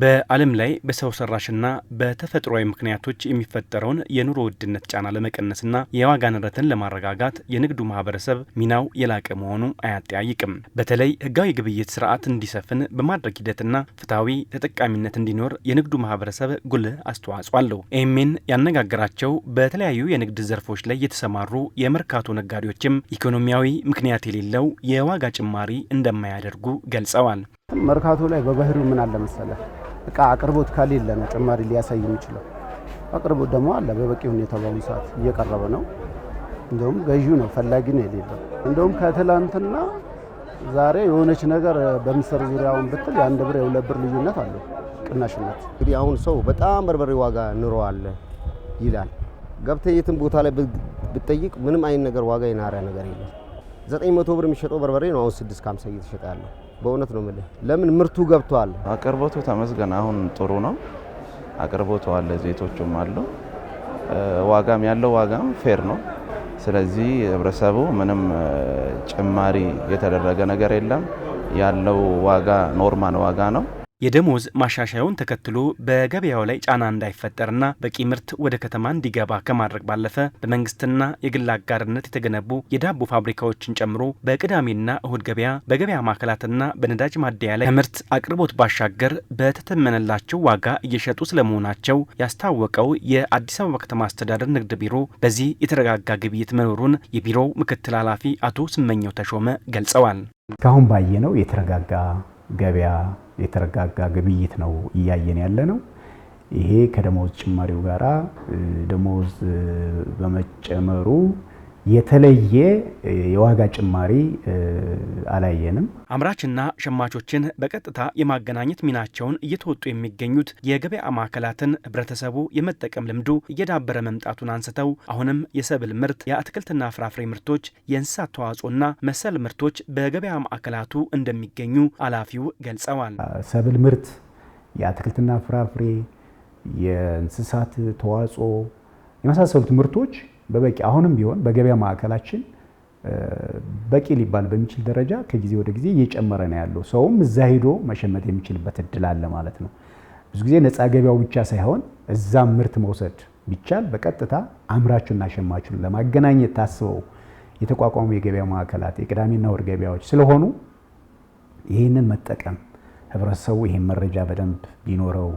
በዓለም ላይ በሰው ሰራሽና በተፈጥሯዊ ምክንያቶች የሚፈጠረውን የኑሮ ውድነት ጫና ለመቀነስና የዋጋ ንረትን ለማረጋጋት የንግዱ ማህበረሰብ ሚናው የላቀ መሆኑ አያጠያይቅም። በተለይ ህጋዊ ግብይት ስርዓት እንዲሰፍን በማድረግ ሂደትና ፍትሐዊ ተጠቃሚነት እንዲኖር የንግዱ ማህበረሰብ ጉልህ አስተዋጽኦ አለው። ኤሜን ያነጋገራቸው በተለያዩ የንግድ ዘርፎች ላይ የተሰማሩ የመርካቶ ነጋዴዎችም ኢኮኖሚያዊ ምክንያት የሌለው የዋጋ ጭማሪ እንደማያደርጉ ገልጸዋል። መርካቶ ላይ በባህሪው ምን አለ መሰለህ እቃ አቅርቦት ከሌለ ነው ጭማሪ ሊያሳይ የሚችለው። አቅርቦት ደግሞ አለ በበቂ ሁኔታ በአሁኑ ሰዓት እየቀረበ ነው። እንደውም ገዢ ነው ፈላጊ ነው የሌለው። እንደውም ከትላንትና ዛሬ የሆነች ነገር በምስር ዙሪያውን ብትል የአንድ ብር የሁለት ብር ልዩነት አለው ቅናሽነት። እንግዲህ አሁን ሰው በጣም በርበሬ ዋጋ ኑሮ አለ ይላል። ገብተህ የትም ቦታ ላይ ብትጠይቅ ምንም አይነት ነገር ዋጋ የናሪያ ነገር የለም። ዘጠኝ መቶ ብር የሚሸጠው በርበሬ ነው አሁን ስድስት ከሀምሳ እየተሸጠ ያለው በእውነት ነው የምልህ። ለምን ምርቱ ገብቷል። አቅርቦቱ ተመስገን አሁን ጥሩ ነው። አቅርቦቱ አለ፣ ዘይቶቹም አሉ። ዋጋም ያለው ዋጋም ፌር ነው። ስለዚህ ህብረተሰቡ ምንም ጭማሪ የተደረገ ነገር የለም። ያለው ዋጋ ኖርማል ዋጋ ነው። የደሞዝ ማሻሻያውን ተከትሎ በገበያው ላይ ጫና እንዳይፈጠርና በቂ ምርት ወደ ከተማ እንዲገባ ከማድረግ ባለፈ በመንግስትና የግል አጋርነት የተገነቡ የዳቦ ፋብሪካዎችን ጨምሮ በቅዳሜና እሁድ ገበያ በገበያ ማዕከላትና በነዳጅ ማደያ ላይ ከምርት አቅርቦት ባሻገር በተተመነላቸው ዋጋ እየሸጡ ስለመሆናቸው ያስታወቀው የአዲስ አበባ ከተማ አስተዳደር ንግድ ቢሮ በዚህ የተረጋጋ ግብይት መኖሩን የቢሮው ምክትል ኃላፊ አቶ ስመኘው ተሾመ ገልጸዋል። እስካሁን ባየነው የተረጋጋ ገበያ የተረጋጋ ግብይት ነው እያየን ያለ ነው። ይሄ ከደሞዝ ጭማሪው ጋራ ደሞዝ በመጨመሩ የተለየ የዋጋ ጭማሪ አላየንም። አምራችና ሸማቾችን በቀጥታ የማገናኘት ሚናቸውን እየተወጡ የሚገኙት የገበያ ማዕከላትን ህብረተሰቡ የመጠቀም ልምዱ እየዳበረ መምጣቱን አንስተው አሁንም የሰብል ምርት፣ የአትክልትና ፍራፍሬ ምርቶች፣ የእንስሳት ተዋጽኦና መሰል ምርቶች በገበያ ማዕከላቱ እንደሚገኙ ኃላፊው ገልጸዋል። ሰብል ምርት፣ የአትክልትና ፍራፍሬ፣ የእንስሳት ተዋጽኦ የመሳሰሉት ምርቶች በበቂ አሁንም ቢሆን በገበያ ማዕከላችን በቂ ሊባል በሚችል ደረጃ ከጊዜ ወደ ጊዜ እየጨመረ ነው ያለው። ሰውም እዛ ሄዶ መሸመት የሚችልበት እድል አለ ማለት ነው። ብዙ ጊዜ ነፃ ገበያው ብቻ ሳይሆን እዛም ምርት መውሰድ ቢቻል በቀጥታ አምራቹና ሸማቹን ለማገናኘት ታስበው የተቋቋሙ የገበያ ማዕከላት የቅዳሜና እሁድ ገበያዎች ስለሆኑ ይህንን መጠቀም ህብረተሰቡ ይህን መረጃ በደንብ ቢኖረው